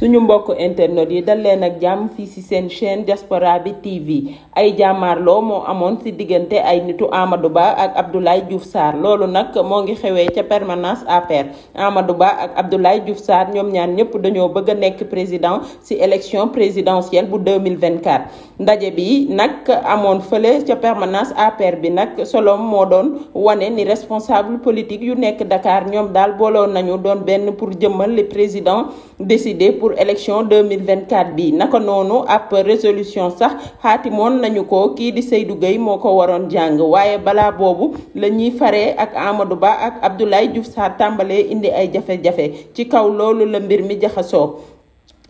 suñu mbokk internet yi dal leen ak jàmm fii ci seen chaîne diaspora bi TV ay jàmmaarloo moo amoon ci diggante ay nitu Amadou Ba ak Abdoulaye Diouf sar loolu nak moo ngi xewee ca permanence APR Amadou Ba ak Abdoulaye Diouf sar ñoom ñaan ñëpp dañoo bëgg a nekk président ci élection présidentielle bu 2024 ndaje bi nak amoon fële ca permanence APR bi nak solom moo doon wane ni responsable politique yu nekk Dakar ñoom daal booloon nañu doon benn pour jëmmal le président décidé pour élection 2024 bi naka noonu ab résolution sax xaatimoon nañu ko kii di Seydou Gueye moo ko waroon jàng waaye balaa boobu lañuy ñuy faree ak amadu Ba ak Abdoulaye Diouf Sarr tàmbalee indi ay jafe-jafe ci kaw loolu la mbir mi jaxasoo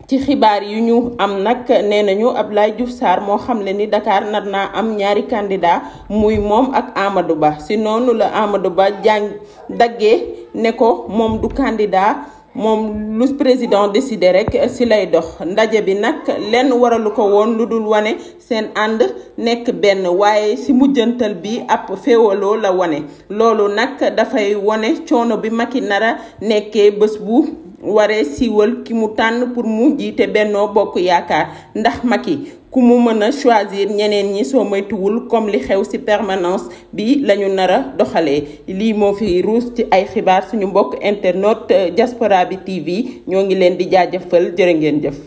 ci xibaar yu ñu am nag nee nañu Abdoulaye Diouf Sarr moo xamle ni dakaar nar naa am ñaari candidat muy moom ak Amadou Ba si noonu la Amadou Ba jàng daggee ne ko moom du candidat moom lu président décidé rek si lay dox ndaje bi nag lenn waralu ko woon lu dul wane seen ànd nekk benn waaye si mujjantal bi ab féewaloo la wane loolu nag dafay wane coono bi Macky nara nekkee bés bu waree siiwal ki mu tànn pour mu jiite Benno Bokk Yaakaar ndax Macky ku mu mën a choisir ñeneen ñi soo moytuwul comme li xew ci permanence bi lañu nar a doxalee lii moo fi ruus ci ay xibaar suñu mbokk internaute diaspora bi TV ñoo ngi leen di jaajëfal jërë ngeen jëf.